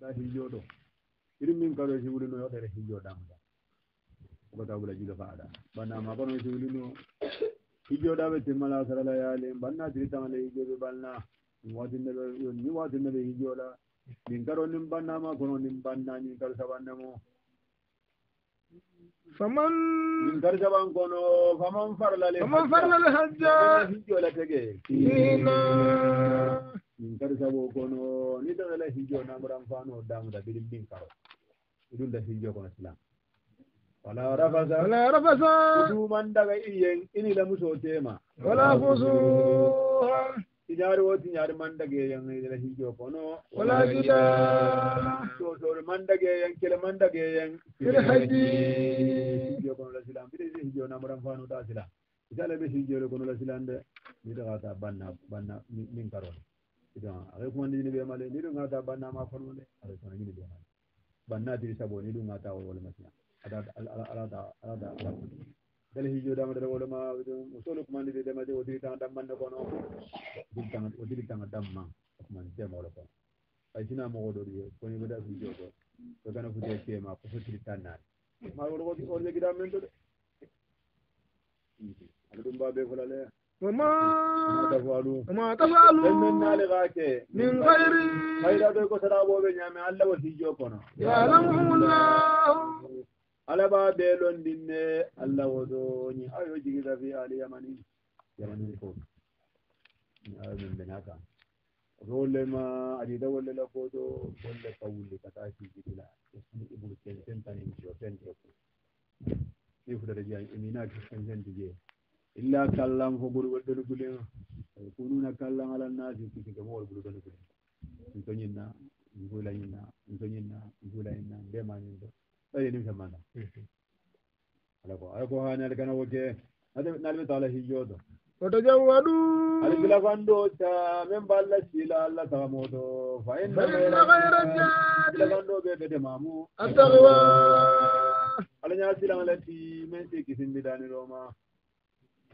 da hijoɗo irin min kaɗo e siwlino yoɗere hijoɗamda ogotabula jiga faada bannama kono e siwlino hijoɗaɓe timmala sarala yaali banna tiritamale hijoɓe banna min watinneɓe ni watinneɓe hijoɗa min kaɗo nin bannama kono nin banna min kaɗo saɓannemo faman min kar jaɓan kono faman farlale faman farlale hajja hijola tege ina min kadi kono ni tan ala hijo namuran fano damuda ɓeɗen ɗin karo iɗum da hijo kono silam wala rafasa wala rafasa duman daga iyen ini la muso tema wala fusu tiñaari wo tiñaari mandageeyan ila hijo kono wala juda totoore mandageeyan kele mandageeyan kele haji hijo kono la silam mbiɗa ise hijo namuran fano ɗa silam isala ɓe kono la silam de mbiɗa kata banna banna min karone idan akai kuma ni be male ni dunga ta banna ma farmo le akai kuma ni be male banna diri sabo ni dunga ta wal masiya ada ala da ala da ala dal hijo da madara wala ma musolo kuma ni de ma de wodi ta dam man ko no wodi ta wodi ta dam man kuma ni de ma wala ko ay sina mo godo ri ko ni bada hijo ko ko kana fu de ke ma ko fu tri tan na ma wala ko ko le gida men to de ala dum ba be fulale وما تفعلوا وما تفعلوا من لغاك من غير غير ذلك سرابو بنيام الله وسيجو كنا يعلمهم الله على باب لون دين الله وزوني أيو جيجي في آل يمني يمني الكون أيو من بناك رول ما أريد ولا لفوتو ولا قولي كتاشي جيلا اسمي إبو كنتن تنين جو تنين جو تنين جو تنين جو تنين جو illa kallan ko gol wol dano gulen kununa kallan ala nasi kiti ke wol gol dano gulen to nyinna ngula nyinna to nyinna ngula nyinna be ma nyinna ay ni kamana ala ko ay ko hanal kana wote ade nalbe taala hijodo وتجودوا الجلغندو تا من بالله سيلا الله تامودو فإن غير الجاد الجلغندو بيد مامو التقوى على ناس سيلا التي من تكسين بدان روما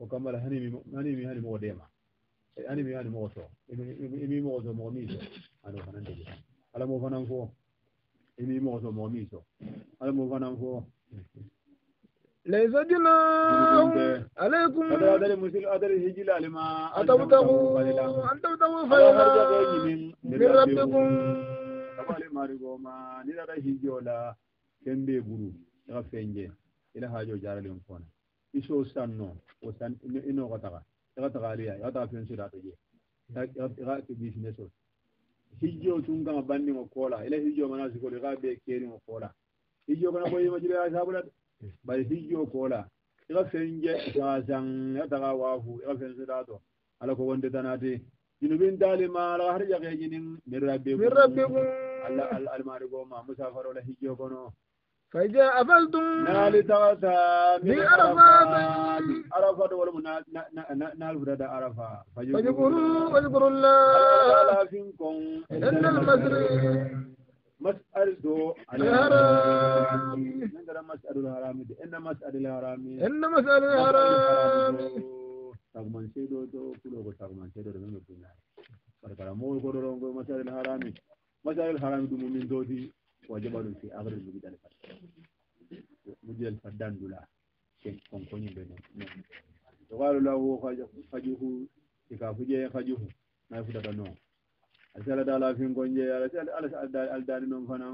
o kambala hani mi hani mi hani mo dema hani mi hani mo so imi mo so mo mi so ano fana ndege ala mo fana ko imi mo so mo mi so ala mo fana ko laisa jina um, alaikum adare musil adare hijila alima atabtahu antabtahu fayla min rabbikum abale marigoma ni dada hijola kembe buru ka fenje ila hajo jaralen fona iso sanno o san ino ko taga taga taga aliya ya taga fiyon sura taje ya ke business o hijjo tun kama banni ko kola ila hijjo mana su ko ga be keri ko kola hijjo kana ko yima jira sabula bal hijjo kola ila fenje ga san ya taga wafu ila fen sura to ala ko wonde tanati junubin dalima ala har ya ga jinin min rabbikum min rabbikum al mari go musafaro la hijjo kono فإذا بلد نال توسامي عرفات عرفات ولم نال فرد عرفة فاذكروا واذكروا الله إن المسجد مسأل دو الحرام نندر مسأل الحرام إن مسأل الحرام إن مسأل الحرام تغمن سيدو تو كله تغمن سيدو من الدنيا فرقنا مول كورون مسأل الحرام مسأل الحرام دمو من دوتي o jaɓa ɗum fi avril mujiɗal fat mujiɗal fat dandula konkoñimɓe noon to qaalu lahu hajuhu sika e fu jeeye hajuhu nayi e futata non ala si alah taala fingon jeeye alaalah daani noon fana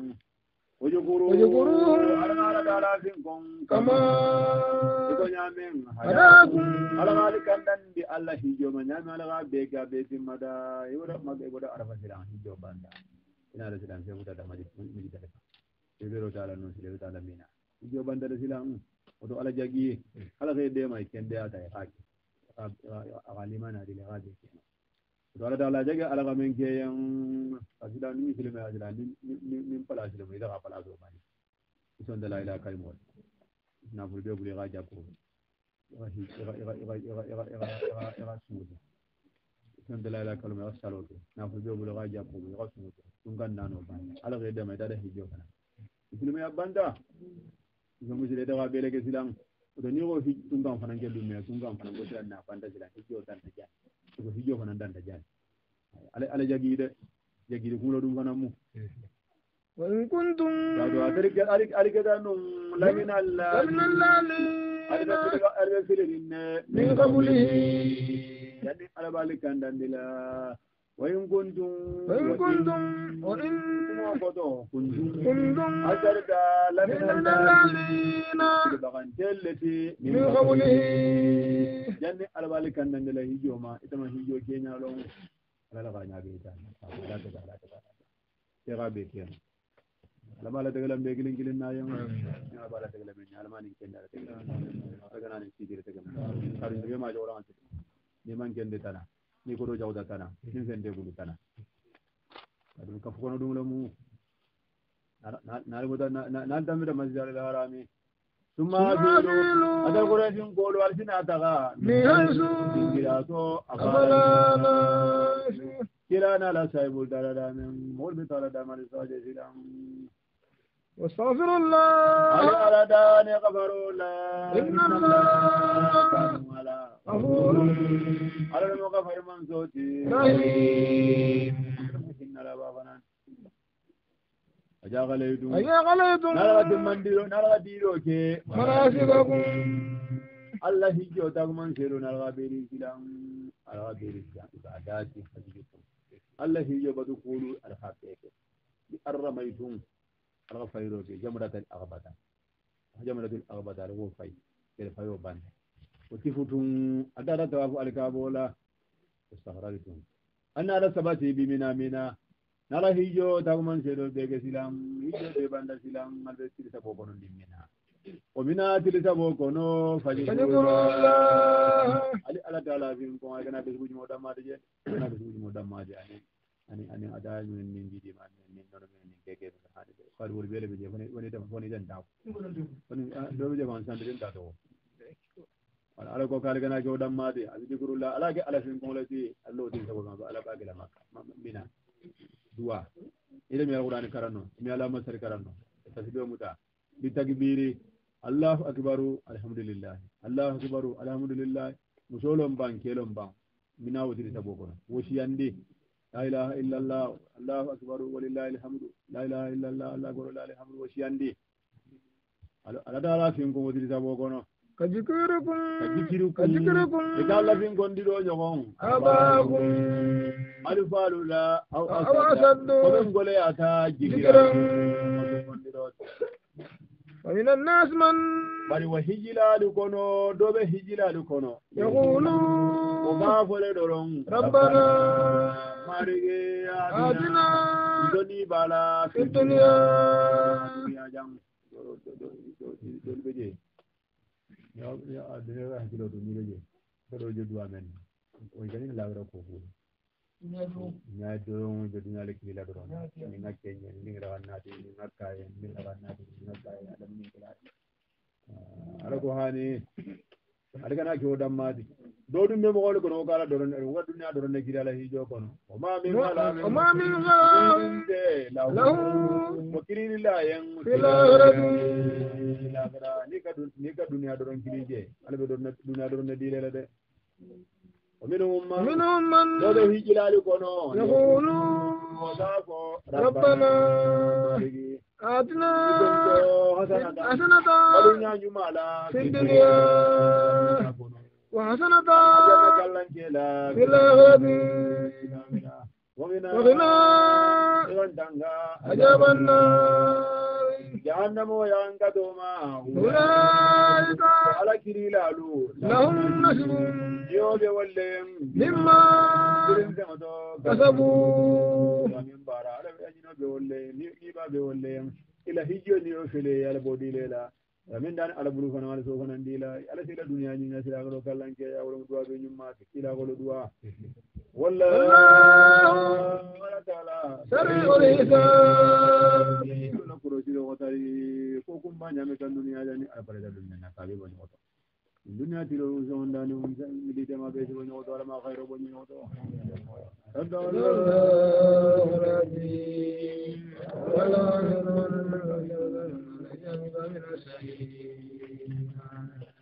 ojogoroalaaalafinkoñaamenaalakandanndi allah hijoma ñaame alaka ɓe ga ɓe timmada iwoɗa e maɓɓe goɗa arafa sira hijo banda ina da silam sai huta da miji da ka sai bero ta lan non sile ta lan mina ijo banda da silam wato ala jagiye ala sai da mai ken da ta ya ki agalima na dile ga de kenan wato ala da ala jage ala ga men ke yan asila ni sile mai asila ni ni pala sile mai da pala zo mai ison da la ila kalmo na fulbe gure ga jako ga hi ga ga ga ga ga ga ga ga nan da lala kalma ya salo to na ko jo bulo gaja ko bulo gasu to kun kan nan no ban ala ga da mai da hijo kana ibnu mai banda zo mu jire da wa bele ke silam to ni ko fi tun kan fanan gelu me tun kan fanan go da na banda silam hijo dan ta ja ko hijo fanan dan ta ja ala ala jagi de jagi de kulo dum fanan mu wa in kuntum da arik arik arik da no lamin allah lamin allah min qablihi jadi ala balikan kandandila wa in kuntum wa in kuntum wa in kuma koto kuntum kuntum asarta lamina bakan telleti min qablihi jadi ala balikan kandandila hijo ma ita ma hijo kenya long, ala ka nya be ta ala ta ala ta ya be kenya ala bala tagalan be gilin gilin na yan ala bala tagalan be ni almanin kenda tagalan tagana ni sidire tagalan karin be ma jawra an tagalan neman kende tana ni kodo jawda tana nin fende gulu tana adum ka fokono dum lamu nalgoda nal damira masjidal harami summa bilu adal quraysin qulu alsina taga mi hasu dingira to afala kirana la saibul darada min mulbi talada mal sajidan واستغفر الله على دان غفر الله إن الله غفور على المغفر من صوتي رحيم إن لا بابنا أجا غليتون أجا غليتون نرغد من ديرو نرغد ديروك مناسككم الله يجوتك من سيرو نرغد بيري كلام نرغد بيري كلام عباداتي حجيكم الله يجوبت قولوا الخاتيك أرميتم الغفيروك جمرة الأغبطة جمرة الأغبطة وتفتون أدارة توافو عليك أبولا استغرارتون أنا على سباتي بمنا منا نرى هيجو تاغمان سيدو بيك سلام هيجو تيبان سلام البيت سيدو تبوكونا لمنا ومنا تلي تبوكونا فجدوا علي على تعالى فيهم كما كنا بسبوج مودا ما تجي كنا بسبوج مودا ما تجي أني أني أني أدار من من جدي ما من من من من كي كي بس هذا خالد ولبيله بيجي فني فني تفوني جن داو فني دو بيجي فان سان بيجي داو wala ala ko kala gana jodan made al zikrullah ala ke ala fin kola ti allo din ko ma ala ba gila maka mina dua ile mi alquran karanno mi ala masar karanno tasbihu muta bi takbiri allahu akbaru alhamdulillah allahu akbaru alhamdulillah musolon ban kelon ban mina wotiri wo shi woshiyande la ilaha allah allahu akbaru walillahi alhamdu la ilaha illallah allahu akbaru walillahi alhamdu woshiyande ala dala fin ko wotiri tabo kono Kajikirukun, Kajikirukun, ita labin gondi do ɲɔgɔn abakum alifalu la aw asadu kɔmi ngole a ta jigira ومن الناس من بل وهجلال كونو دوبه هجلال كونو يقولون وما فلدرون ربنا مارغي آتنا دني بالا في الدنيا ya dinera hakilo to mire je pero je dua men o gani la gra ko ko nya do je dunya la kila do ni na kenya ni gra na ti ni na ka ya ni la na ti ni na ka ya adam ni kila ala ko hani ala kana ko damma di do dum be mo ko no kala do ron wa dunya do ron ne kila la hijo ko no o ma min wala o ma min wala lahu mukirilla yan fil akhirati la gra ni ka duniya doron kili je ala be doron duniya doron ne dile la de ومنهم من منهم من لو في جلال كونو يقولون ربنا آتنا حسنة في الدنيا وحسنة في الآخرة وغنى عجب النار جهنم وينقدهما أولئك على كري لالو لهم نصب يوم يولهم مما كسبوا ومن بارا على أجنة بيولهم نيبا بيولهم إلى هجو نيوفلي على بودي ليلا min dan ala bulu fana wala so fana ndila ala sila duniya ni na sila ko kallan ke ya wala duwa والله سريع الحساب kurosire watari ko kun ba nyame kan duniya da ni alfare da duniya na kabe ba ni wato duniya ti lo zon da ni mi de ma be ni wato ala ma khairo ba ni wato sallallahu alaihi wa sallam